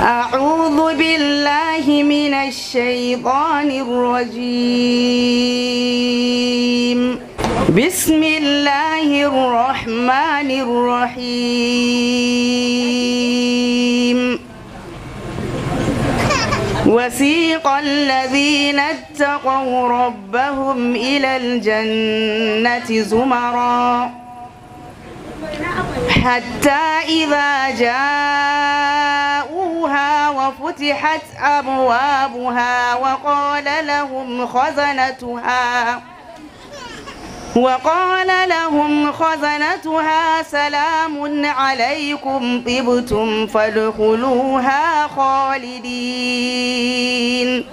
أعوذ بالله من الشيطان الرجيم بسم الله الرحمن الرحيم وسيق الذين اتقوا ربهم إلى الجنة زمرا حتى إذا جاءوا وفتحت أبوابها وقال لهم خزنتها وقال لهم خزنتها سلام عليكم طبتم فادخلوها خالدين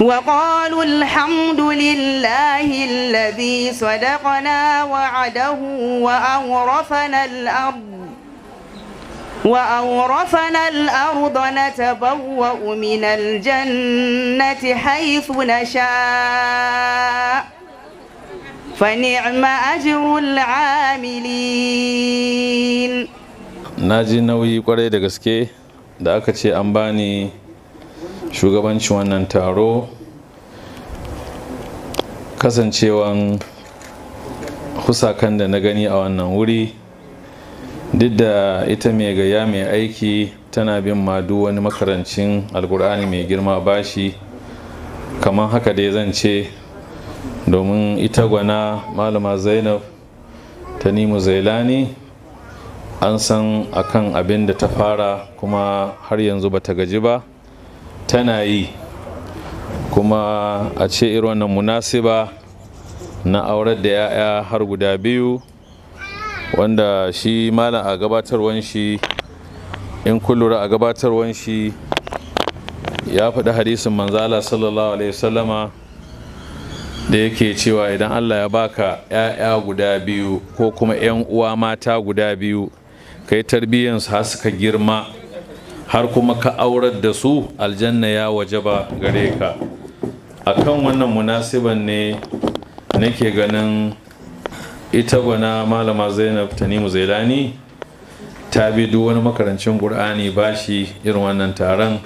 وقالوا الحمد لله الذي صدقنا وعده وأورفنا الأرض وأورثنا الأرض نتبوأ na الجنة حيث نشاء فنعم أجر العاملين ناجي nauyi kwarai da gaske da aka ce an bani shugabancin wannan taro kasancewan husakan da na gani a wannan wuri duk da ita mai gaya mai aiki tana bin madu wani makarancin alkur'ani mai girma bashi kamar haka dai zan ce domin ita gwana malama zainab tanimu zailani an san akan abin da ta fara kuma har yanzu ba ta gaji ba tana yi kuma a ce irin wannan munasiba na aurar da 'ya'ya har guda biyu wanda shi malam a gabatarwan shi in kullura a gabatarwan shi ya faɗi hadisin manzala sallallahu alaihi wasallama da yake cewa idan Allah ya baka 'ya'ya guda biyu ko kuma 'yan uwa mata guda biyu ka yi tarbiyyansu har suka girma har kuma ka aurar da su aljanna ya wajaba gare ka akan wannan munasiban ne nake ganin ita gwana malama zainab tanimu zailani ta bi duk wani makarancin ƙur'ani bashi irin wannan taron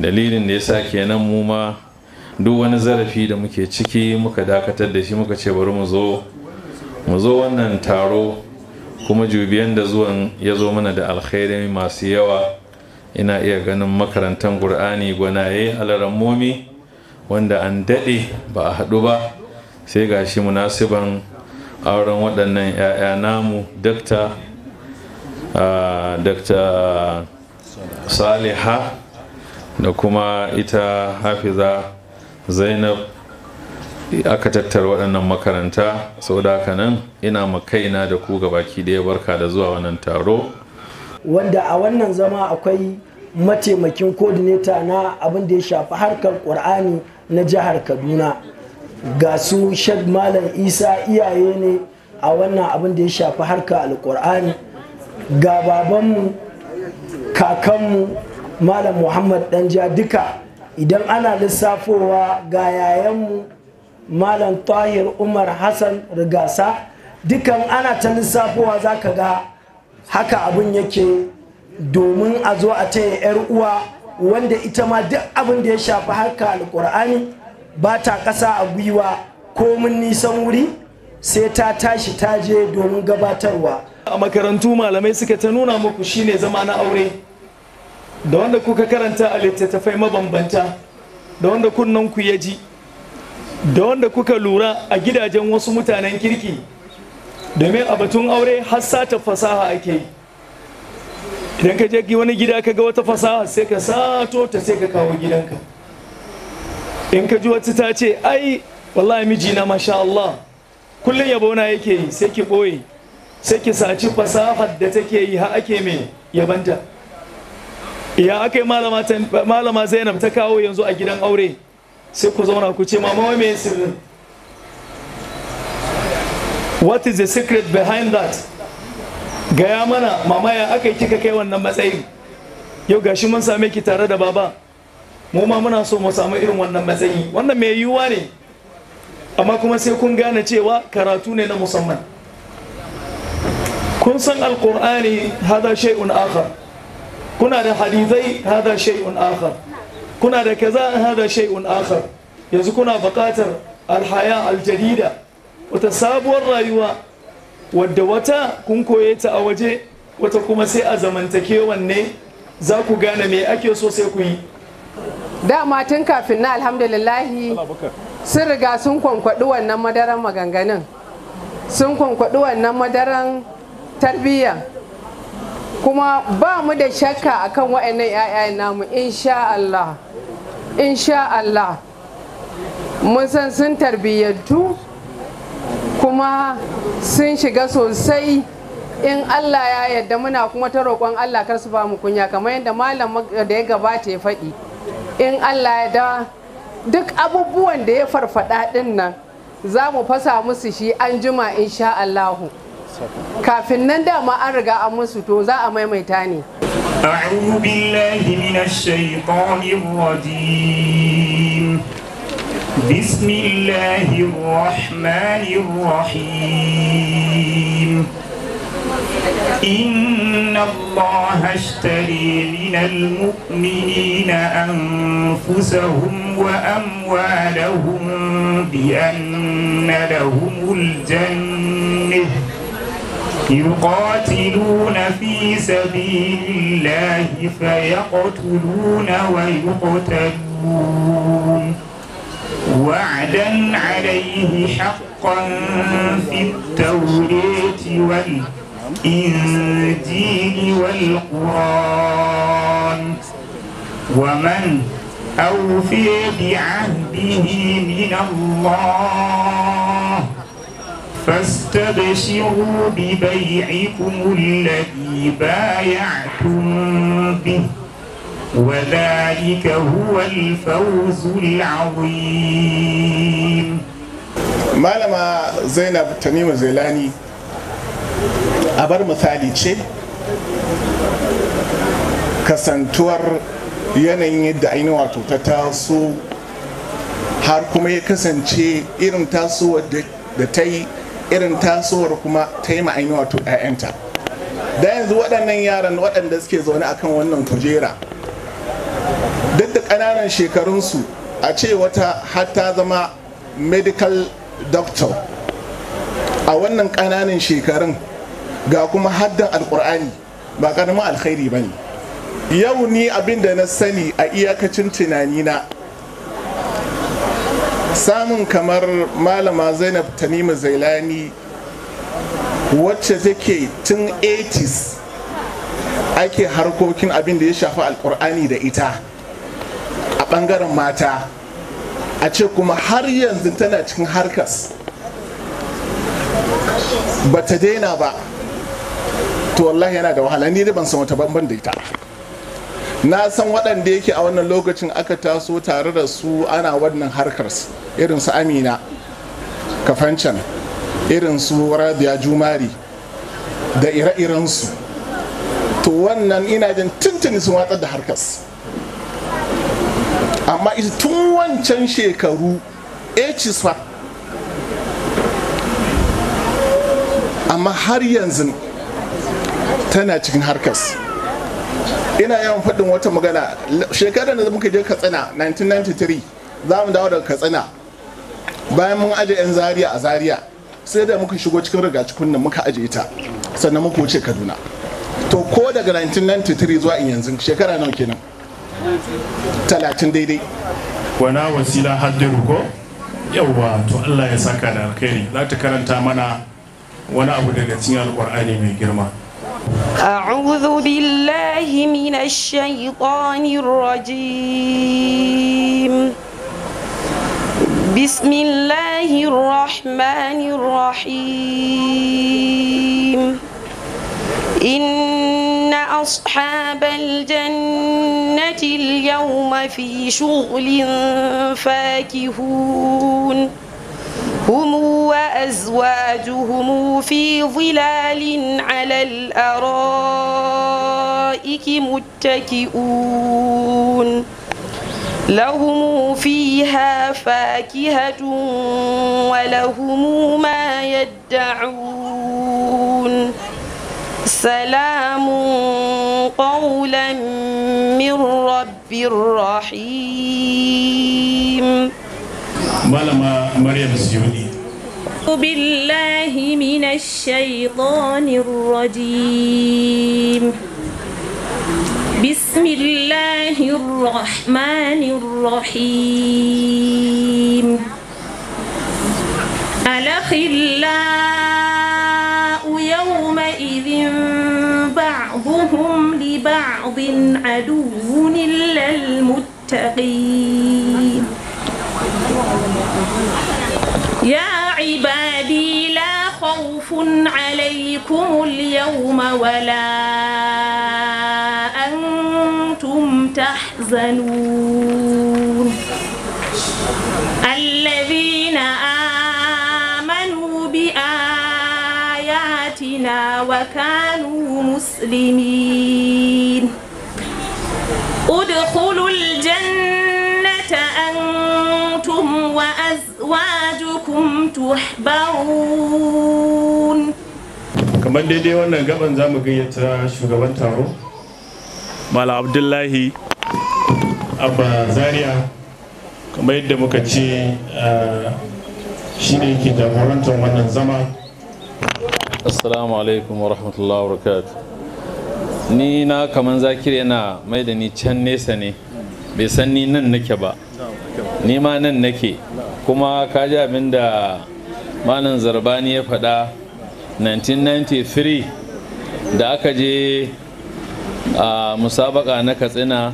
dalilin da ya sa kenan mu ma duk wani zarafi da muke ciki muka dakatar da shi muka ce bari mu zo mu zo wannan taro kuma jubiyan da zuwan ya zo mana da alkhairi masu yawa ina iya ganin makarantar ƙur'ani gwanaye alarammomi wanda an daɗe ba a haɗu ba sai gashi munasiban auren waɗannan 'ya'ya namu dakta saliha da kuma ita hafiza zainab aka tattara waɗannan makaranta sau da haka nan ina makaina da ku baki da ya barka da zuwa wannan taro wanda a wannan zama akwai mataimakin kodineta na abin da ya shafi harkar ƙur'ani na jihar kaduna ga su shag malam isa iyaye ne a wannan abin da ya shafi harka alkur'ani ga babanmu kakanmu malam muhammad danja duka idan ana lissafowa ga yayanmu malam tahir umar hassan rigasa dukan ana ta lissafowa za ka ga haka abin yake domin a zo a taya 'yar uwa wanda ita ma duk abin da ya shafi harka alkur'ani ba ta ƙasa a gwiwa komin nisan wuri sai ta tashi ta je domin gabatarwa a makarantu malamai suka ta nuna muku shine zama na aure da wanda kuka karanta a littattafai mabambanta da wanda kunnanku ya ji da wanda kuka lura a gidajen wasu mutanen kirki domin a batun aure har sata fasaha ake idan ka je wani gida ka ga wata fasaha sai ka sato ta sai ka kawo gidanka in ka ji wata ta ce ai wallahi miji na masha Allah kullum yabona yake yi sai ki boye sai ki saci fasahar da take yi ha ake mai yabanta ya aka yi malama zainab ta kawo yanzu a gidan aure sai ku zauna ku ce mama mai sirrin what is the secret behind that gaya mana mama ya aka yi kika kai wannan matsayin yau gashi mun same ki tare da baba mu ma muna so mu samu irin wannan matsayi wannan mai yiwuwa ne amma kuma sai kun gane cewa karatu ne na musamman kun san alkur'ani hada shay'un akhar kuna da hadizai hada shay'un akhar kuna da kaza hada shay'un akhar yanzu kuna buƙatar alhaya aljadida wata sabuwar rayuwa wadda wata kun koye ta a waje wata kuma sai a zamantakewan ne za ku gane me ake so sai ku yi dama tun kafin na alhamdulillahi sun riga sun kwankwaɗi wannan madaran maganganun sun kwankwaɗi wannan madaran tarbiyya kuma ba mu da shakka akan waɗannan 'ya'yan namu insha Allah insha Allah mun san sun tarbiyyantu kuma sun shiga sosai in Allah ya yarda muna kuma ta roƙon Allah kar su ba mu kunya kamar yadda malam da ya gabata ya faɗi in allah ya da duk abubuwan da ya farfada din nan za mu fasa musu shi an jima insha allahu kafin nan dama an riga an musu to za a maimaita ne أعوذ بالله من الشيطان الرجيم بسم الله الرحمن إن الله اشتري من المؤمنين أنفسهم وأموالهم بأن لهم الجنة يقاتلون في سبيل الله فيقتلون ويقتلون وعدا عليه حقا في التورية والكتاب الإنجيل والقرآن ومن أوفي بعهده من الله فاستبشروا ببيعكم الذي بايعتم به وذلك هو الفوز العظيم مالما زينب تميم زيلاني a bar misali ce kasantuwar yanayin yadda ainihin wato ta taso har kuma ya kasance irin tasowar da ta yi irin tasowar kuma ta yi ma'aini wato 'ya'yanta da yanzu waɗannan yaran waɗanda suke zaune a kan wannan kujera duk da ƙananan shekarunsu a ce wata har ta zama medical doctor a wannan ƙananan shekarun ga kuma haddan alƙur'ani ba ƙaramin alkhairi ba ne yau ni abin da na sani a iyakacin tunanina samun kamar malama zainab tanimu zailani wacce take tun 80s ake harkokin abin da ya shafi Alƙur'ani da ita a ɓangaren mata a ce kuma har yanzu tana cikin harkas ba ta daina ba to wallahi yana da wahala ni ban san wata banban da ita na san waɗanda yake a wannan lokacin aka taso tare da su ana wannan harkar irin su amina kafancan irin su rabia jumari da ire iren su. to wannan ina jin tuntuni sun watsar da harkar su. amma tun wancan shekaru H amma har yanzu tana cikin harkas ina yawan faɗin wata magana shekarar da muka je katsina 1993 za mu dawo daga katsina bayan mun aje 'yan zaria a Zariya, sai da muka shigo cikin rigaci nan muka aje ita sannan muka wuce kaduna to ko daga 1993 zuwa yanzu shekara nawa kenan talatin daidai wana wasila haddin ko yauwa to allah ya saka da alkhairi za ta karanta mana وانا ابو daga cikin alkur'ani mai أعوذ بالله من الشيطان الرجيم بسم الله الرحمن الرحيم إن أصحاب الجنة اليوم في شغل فاكهون هم وأزواجهم في ظلال على الأرائك متكئون لهم فيها فاكهة ولهم ما يدعون سلام قولا من رب رحيم مالما مريم siyuni بالله من الشيطان الرجيم بسم الله الرحمن الرحيم الأخلاء يومئذ بعضهم لبعض عدو إلا المتقين عليكم اليوم ولا أنتم تحزنون الذين آمنوا بآياتنا وكانوا مسلمين ادخلوا azwajukum تحبرون kamar daidai wannan gaban za mu gayyata shugaban taro mala abdullahi abba zaria kamar yadda muka ce shi ne ke jagorantar wannan zama assalamu alaikum wa rahmatullahi wa barakatuh ni na kamar zakir yana mai da ni can nesa ne bai san ni nan nake ba ni ma nan nake kuma ka ji abin da malam zarbani ya faɗa 1993 da aka je a musabaka na katsina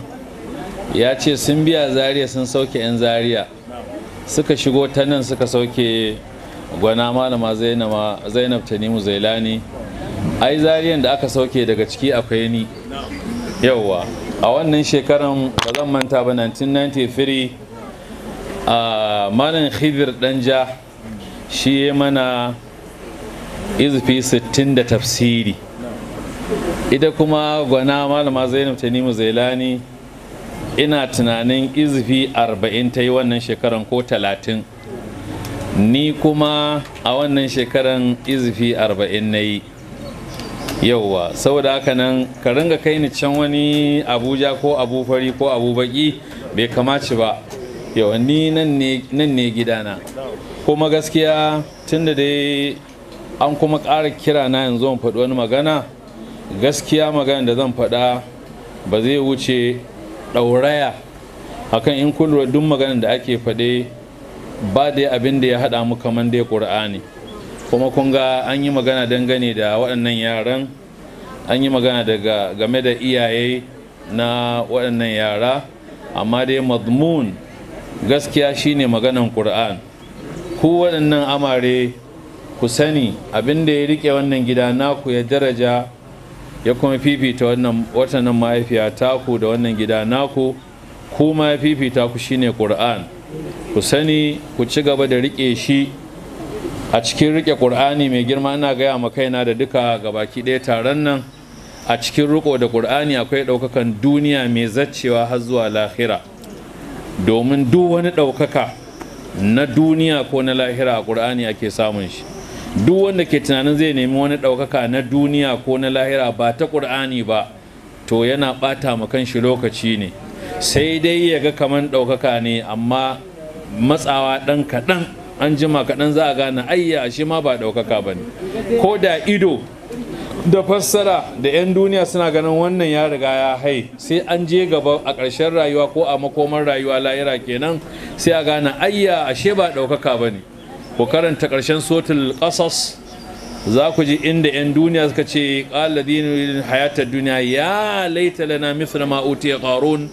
ya ce sun biya zaria sun sauke 'yan zariya suka shigo ta nan suka sauke gwana malama zainab tanimu zailani ai zariyan da aka sauke daga ciki akwai ni yauwa a wannan shekaran ba zan manta ba 1993 malam khidir danja shi ya mana izufi sittin da tafsiri ita kuma gwana malama zainab tanimu zailani ina tunanin izufi arba'in ta yi wannan shekaran ko talatin, ni kuma a wannan shekaran izufi arba'in na yi yauwa saboda haka nan ka ringa kai ni can wani abuja ko abu ko abu baki bai kamaci ba yawa ni nan ne gidana kuma gaskiya tun da dai an kuma ƙara kira na yanzu in faɗi wani magana gaskiya magana da zan faɗa ba zai wuce ɗauraya akan in kun duk maganin da ake faɗe ba da abin da ya haɗa mu kamar dai ƙur'ani kuma kun ga an yi magana dangane da waɗannan yaran an yi magana daga game da iyaye na waɗannan yara amma dai mazmun gaskiya shine maganan ƙur'an ku waɗannan amare ku sani abinda ya riƙe wannan gida naku ya daraja ya kuma fifita wannan watannan mahaifiya taku da wannan gida naku ku ma ya fifita ku shine ƙur'an ku sani ku ci gaba da riƙe shi a cikin riƙe ƙur'ani mai girma ina gaya ma kaina da duka ga baki ɗaya taron nan a cikin riƙo da ƙur'ani akwai ɗaukakan duniya mai zaccewa har zuwa lahira domin duk wani ɗaukaka na duniya ko na lahira a ƙur'ani ake samun shi duk wanda ke tunanin zai nemi wani ɗaukaka na duniya ko na lahira ba ta ƙur'ani ba to yana ɓata ma shi lokaci ne sai dai ya ga kaman ɗaukaka ne amma matsawa ɗan kaɗan an jima kaɗan za a gane ayya shi ma ba ɗaukaka ba ne ko da ido da fassara da 'yan duniya suna ganin wannan ya riga ya hai sai an je gaba a ƙarshen rayuwa ko a makomar rayuwa la'ira kenan sai a gane ayya ashe ba ɗaukaka ba ne ku karanta ƙarshen sotul ƙasas za ku ji inda 'yan duniya suka ce ƙaladin hayatar duniya ya laita lana ma'uti ya ƙarun qarun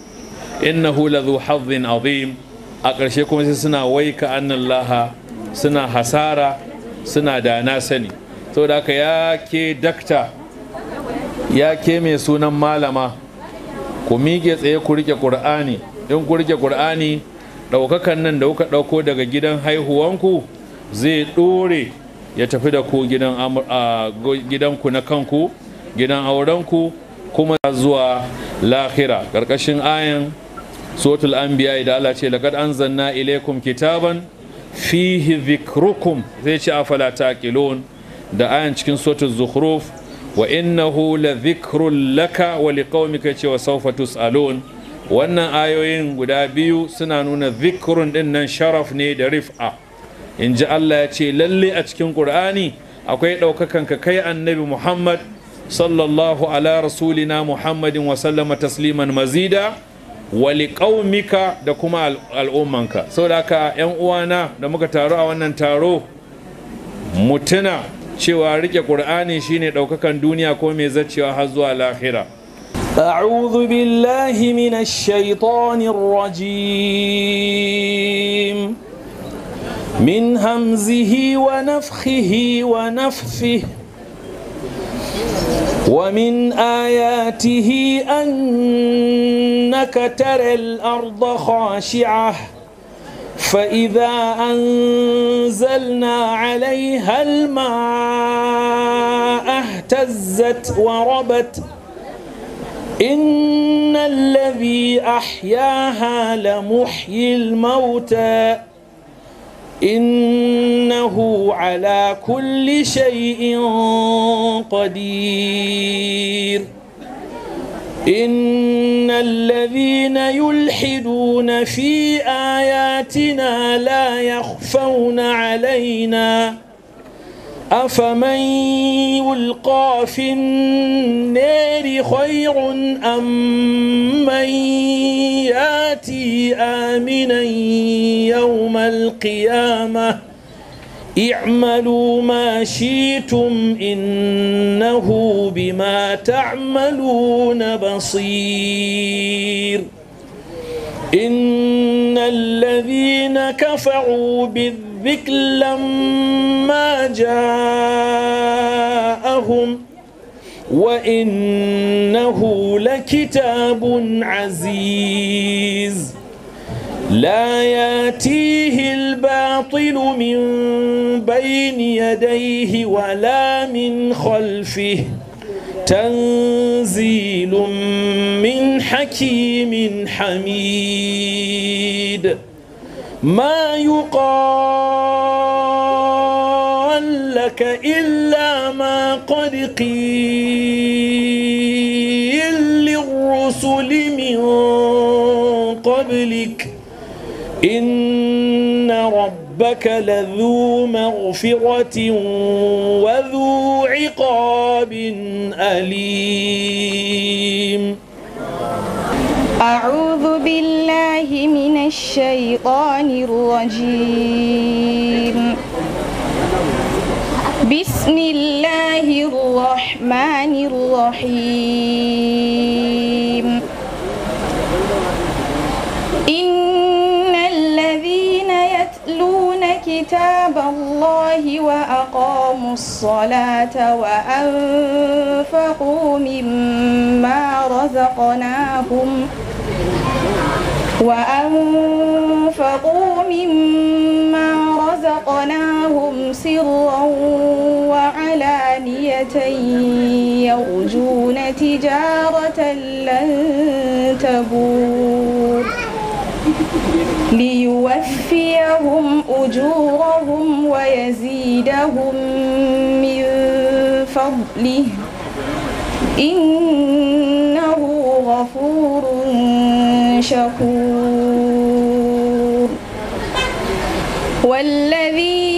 innahu ladhu hazzin azim a ƙarshe kuma sai suna waika laha suna hasara suna da na sani da haka ya ke dakta ya mai sunan malama ku miƙe tsaye ku rike ƙur'ani in ku rike ƙur'ani ɗaukakan nan da kuka ɗauko daga gidan haihuwanku zai ɗore ya tafi da ku gidanku na kanku gidan aurenku kuma zuwa lahira ƙarƙashin ayan sotul anbiya idan Allah ce an zanna ilaikum kitaban fihi zikrukum zai ce falata kilon da ayan cikin suratul zukhruf wa innahu la dhikrun laka wa liqaumika cewa sawfa tusalun wannan ayoyin guda biyu suna nuna zikrun din nan sharaf ne da rif'a inji Allah ya ce lalle a cikin Qur'ani akwai ɗaukakan ka kai annabi Muhammad sallallahu ala rasulina Muhammadin wa sallama tasliman mazida wa liqaumika da kuma al'ummanka saboda haka yan uwana da muka taru a wannan taro mutuna cewa rike Qur'ani shine daukakan duniya ko mai zacewa har zuwa lahira أعوذ بالله من الشيطان الرجيم من همزه ونفخه ونفثه ومن آياته أنك ترى الأرض خاشعة فإذا أنزلنا عليها الماء اهتزت وربت إن الذي أحياها لمحيي الموتى إنه على كل شيء قدير إن الذين يلحدون في آياتنا لا يخفون علينا أفمن يلقى في النار خير أم من ياتي آمنا يوم القيامة اعملوا ما شئتم انه بما تعملون بصير ان الذين كفروا بالذكر لما جاءهم وانه لكتاب عزيز لا ياتيه الباطل من بين يديه ولا من خلفه تنزيل من حكيم حميد ما يقال لك إلا ما قد قيل للرسل من قبلك إن ربك لذو مغفرة وذو عقاب أليم أعوذ بالله من الشيطان الرجيم بسم الله الرحمن الرحيم كتاب الله وأقاموا الصلاة وأنفقوا مما رزقناهم وأنفقوا مما رزقناهم سرا وعلانية يرجون تجارة لن تبور ليوفي يوفيهم أجورهم ويزيدهم من فضله إنه غفور شكور والذي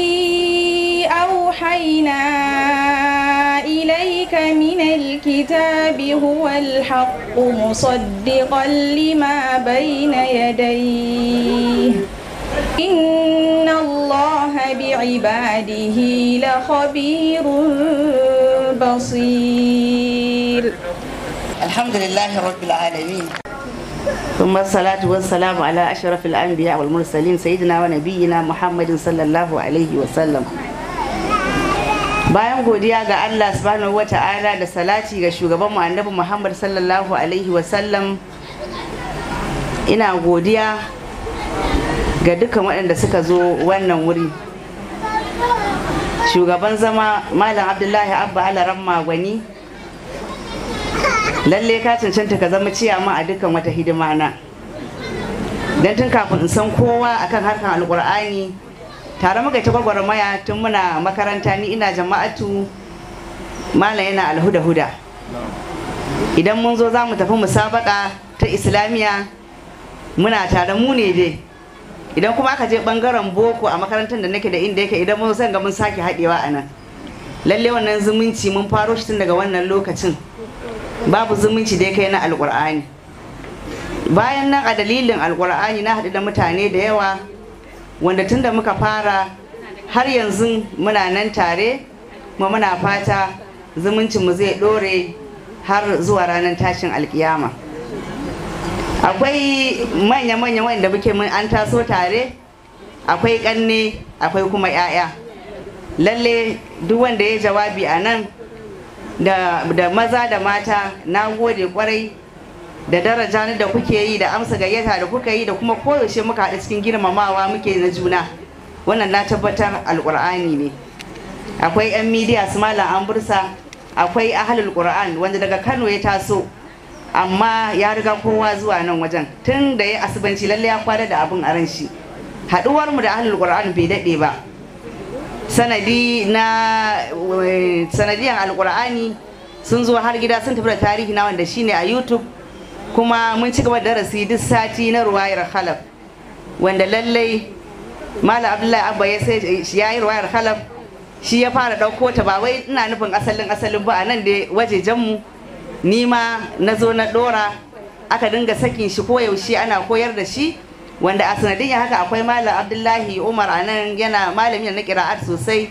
أوحينا إليك من الكتاب هو الحق مصدقا لما بين يديه إن الله بعباده لخبير بصير الحمد لله رب العالمين ثم الصلاة والسلام على أشرف الأنبياء والمرسلين سيدنا ونبينا محمد صلى الله عليه وسلم bayan godiya ga Allah subhanahu wata'ala da salati ga shugabanmu annabi Muhammad sallallahu alaihi wasallam ina godiya ga dukkan waɗanda suka zo wannan wuri shugaban zama malam abdullahi abba alaran magwani lalle ka cancanta ka zama ciyama a dukkan wata hidima na don tun kafin in san kowa akan harkan alkur'ani tare muka ta maya tun muna makaranta ni ina jama'atu malam yana alhuda-huda idan mun zo za mu tafi musabaka ta islamiyya muna tare mu ne dai idan kuma aka je bangaren boko a makarantar da nake da inda yake idan mun san ga mun sake haɗewa a nan lalle wannan zumunci mun faro shi tun daga wannan lokacin babu zumunci da kai na alƙur'ani bayan nan a dalilin alƙur'ani na haɗu da mutane da yawa wanda tun da muka fara har yanzu muna nan tare kuma muna fata zumuncinmu zai ɗore har zuwa ranar tashin alkiyama. akwai manya-manya wanda muke mun an taso tare akwai ƙanne akwai kuma 'ya'ya lalle duk wanda ya jawabi a nan da maza da mata na gode kwarai da daraja da kuke yi da amsa gayyata da kuka yi da kuma koyaushe muka haɗu cikin girmamawa muke na juna wannan na tabbatar alƙur'ani ne akwai 'yan midiya su malam an bursa akwai ahalul qur'an wanda daga kano ya taso amma ya riga kowa zuwa nan wajen tun da ya asibanci lalle ya kwada da abin a ran shi haduwar mu da ahlul qur'an bai dade ba sanadi na sanadiyan alqur'ani sun zo har gida sun tafi da tarihi na wanda shine a youtube kuma mun ci gaba da darasi duk sati na ruwayar khalaf wanda lallai malam abdullahi abba ya sai ya yi ruwayar khalaf shi ya fara dauko ta ba wai ina nufin asalin asalin ba a nan da wajejen mu ni ma na zo na dora aka dinga sakin shi ko yaushe ana koyar da shi wanda a sanadin haka akwai malam abdullahi umar a nan yana malami na kira'at sosai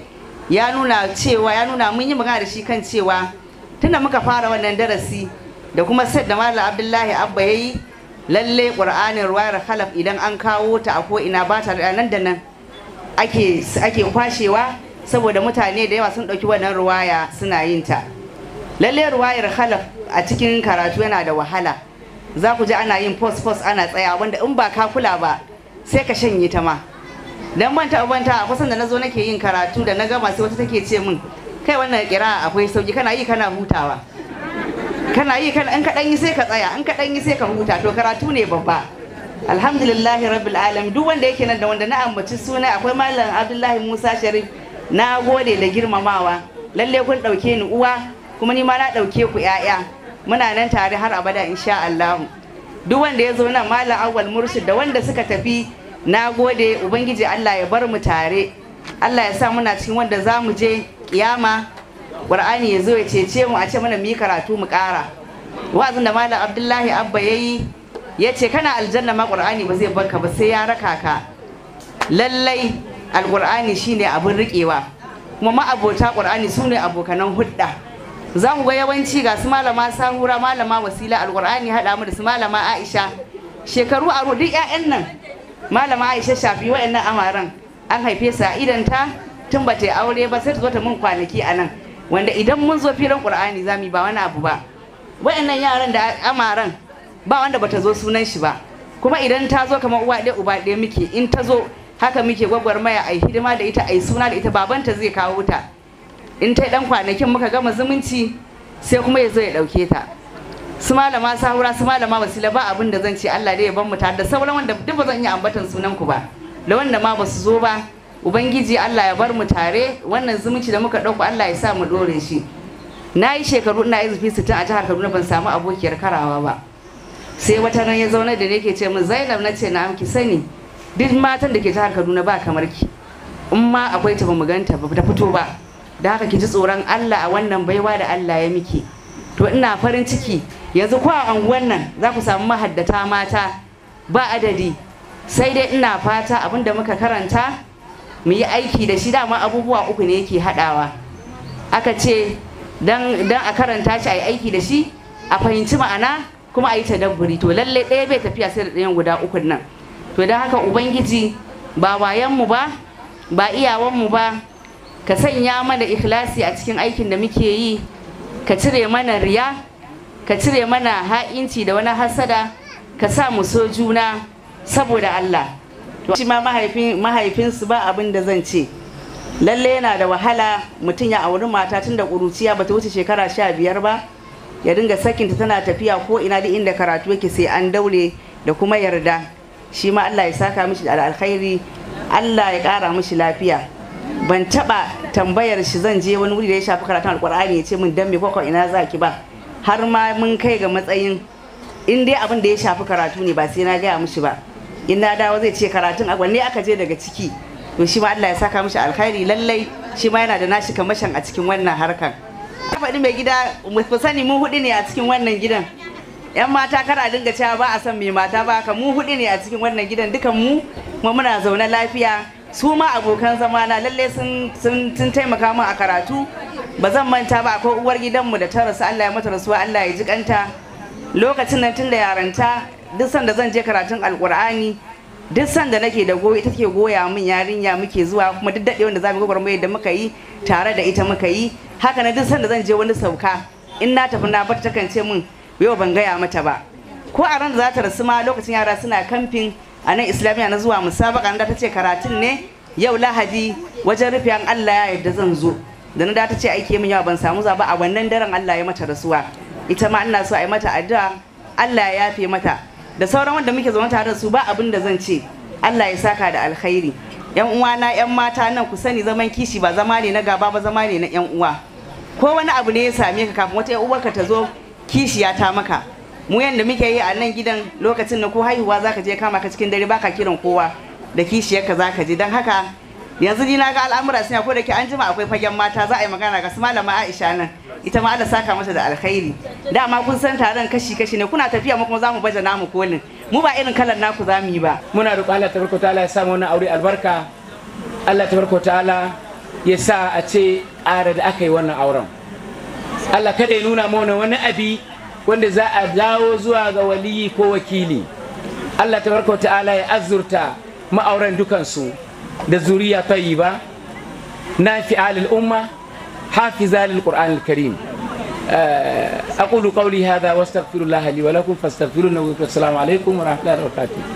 ya nuna cewa ya nuna mun yi magana da shi kan cewa tunda muka fara wannan darasi da kuma sai da malam abdullahi abba ya yi lalle qur'anin ruwayar khalaf idan an kawo ta a ko ina ba ta da nan da nan ake ake kwashewa saboda mutane da yawa sun ɗauki wannan ruwaya suna yin ta lalle ruwayar khalaf a cikin karatu yana da wahala za ku ji ana yin post post ana tsaya wanda in ba ka kula ba sai ka shanye ta ma dan ban ta ban ta kusan da nazo nake yin karatu da na gama sai wata take ce min kai wannan kira akwai sauki kana yi kana hutawa kana yi kana in ka dan yi sai ka tsaya in ka dan yi sai ka huta to karatu ne babba alhamdulillahi rabbil alamin duk wanda yake nan da wanda na ambaci suna akwai malam abdullahi musa sharif na gode da girmamawa lalle kun dauke ni uwa kuma ni ma na dauke ku 'ya'ya muna nan tare har abada insha Allah duk wanda ya zo nan malam awal murshid da wanda suka tafi na gode ubangiji Allah ya bar mu tare Allah ya sa muna cikin wanda zamu je kiyama Qur'ani ya zo ya cece mu a ce mana mu karatu mu ƙara wazin da malam Abdullahi Abba yayi ya ce kana aljanna ma Qur'ani ba zai barka ba sai ya raka ka lallai alqur'ani shine abin riƙewa kuma ma'abota Qur'ani sune abokanan hudda za mu ga yawanci ga su malama sahura malama wasila alkur'ani hada mu da su malama aisha shekaru a duk 'ya'yan nan malama aisha shafi wa'annan amaran an haife su a idanta tun ba ta aure ba sai ta zo ta mun kwanaki a nan wanda idan mun zo filin qur'ani za mu ba wani abu ba wa'annan yaran da amaran ba wanda bata zo sunan shi ba kuma idan ta zo kamar uwa ɗaya uba ɗaya muke in ta zo haka muke gwagwarmaya a hidima da ita a suna da ita babanta zai kawo ta in ta dan kwanakin muka gama zumunci sai kuma ya zo ya dauke ta su malama sahura su malama wasila ba abin da zan ce Allah dai ya bar mu tare da sauran wanda duk ba zan iya ambatan sunan ku ba da wanda ma ba su zo ba ubangiji Allah ya bar mu tare wannan zumunci da muka dauko Allah ya sa mu dore shi na yi shekaru ina izufi sittin a jihar Kaduna ban samu abokiyar karawa ba sai wata nan ya zauna da nake ce min Zainab na ce na amki sani duk matan da ke jihar Kaduna ba kamar ki in ma akwai ta ba mu ganta ba ta fito ba da haka ki ji tsoron Allah a wannan baiwa da Allah ya miki to ina farin ciki yanzu ko a anguwan nan za ku samu mahaddata mata ba adadi sai dai ina fata abun da muka karanta mu yi aiki da shi dama abubuwa uku ne yake haɗawa aka ce dan a karanta shi a yi aiki da shi a fahimci ma'ana kuma a yi tadabburi to lalle ɗaya bai tafiya sai da ɗayan guda ukun nan to don haka ubangiji ba wayanmu ba ba iyawanmu ba ka sanya mana ikhlasi a cikin aikin da muke yi ka cire mana riya ka cire mana ha'inci da wani hasada ka sa mu so juna saboda Allah shi ma mahaifinsu ba abin da zan ce lalle yana da wahala mutum ya auri mata tun da ƙuruciya ba ta wuce shekara sha biyar ba ya dinga sakinta tana tafiya ko ina duk inda karatu yake sai an daure da kuma yarda shi ma Allah ya saka mishi da alkhairi Allah ya ƙara mishi lafiya ban taba tambayar shi zan je wani wuri da ya shafi karatun alkur'ani ya ce min dan me koko ina za ki ba har ma mun kai ga matsayin in dai abin da ya shafi karatu ne ba sai na gaya mishi ba in na dawo zai ce karatun a ne aka je daga ciki to shi ma Allah ya saka mishi alkhairi lallai shi ma yana da nashi kamashin a cikin wannan harkan. ka faɗi mai gida mu sani mu hudu ne a cikin wannan gidan yan mata kar a dinga cewa ba a san mai mata ba ka mu hudu ne a cikin wannan gidan dukan mu kuma muna zaune lafiya su ma abokan zama na lalle sun taimaka min a karatu ba zan manta ba akwai uwar gidan mu da ta rasu Allah ya mata rasuwa Allah ya ji kanta lokacin nan tun da yaranta duk sanda zan je karatun alkur'ani duk sanda nake da goyi ita take goya min yarinya muke zuwa kuma duk daɗe wanda zamu gwagwarmaya da muka yi tare da ita muka yi haka na duk sanda zan je wani sauka in na tafi na bar takance ce min yau ban gaya mata ba ko a ran za ta rasu ma lokacin yara suna kamfin a nan islamiyya na zuwa musabaka na ta ce karatun ne yau lahadi wajen rufe an allah ya yadda zan zo da na da ta ce aike min yawa ban samu zaba a wannan daren allah ya mata rasuwa ita ma ina so a yi mata addu'a allah ya yafe mata da sauran wanda muke zama tare da su ba abin da zan ce allah ya saka da alkhairi yan na yan mata nan ku sani zaman kishi ba zama ne na gaba ba zama ne na yan uwa ko wani abu ne ya same ka kafin wata yan uwarka ta zo kishiya ta maka mu yanda muke yi a nan gidan lokacin na ko haihuwa zaka je kama ka cikin dare baka kiran kowa da kishiyarka zaka je don haka yanzu ni na ga al'amura suna ko da ke an jima akwai fagen mata za a yi magana ga su malama Aisha nan ita ma Allah saka mata da alkhairi dama kun san taron kashi kashi ne kuna tafiya mu kuma zamu baje namu kolin mu ba irin kalan naku zamu yi ba muna roƙon Allah tabaraka ta'ala ya sa mu wannan aure albarka Allah tabaraka ta'ala ya sa a ce ara da aka yi wannan auren Allah kada ya nuna mana wani abi wanda za a dawo zuwa ga waliyi ko wakili Allah Ta tabaraka ta'ala ya azurta ma'auran dukansu da zuriya Na fi alil umma hafiza lil qur'anil karim أقول قولي هذا واستغفر الله لي ولكم فاستغفروه والسلام عليكم ورحمة الله وبركاته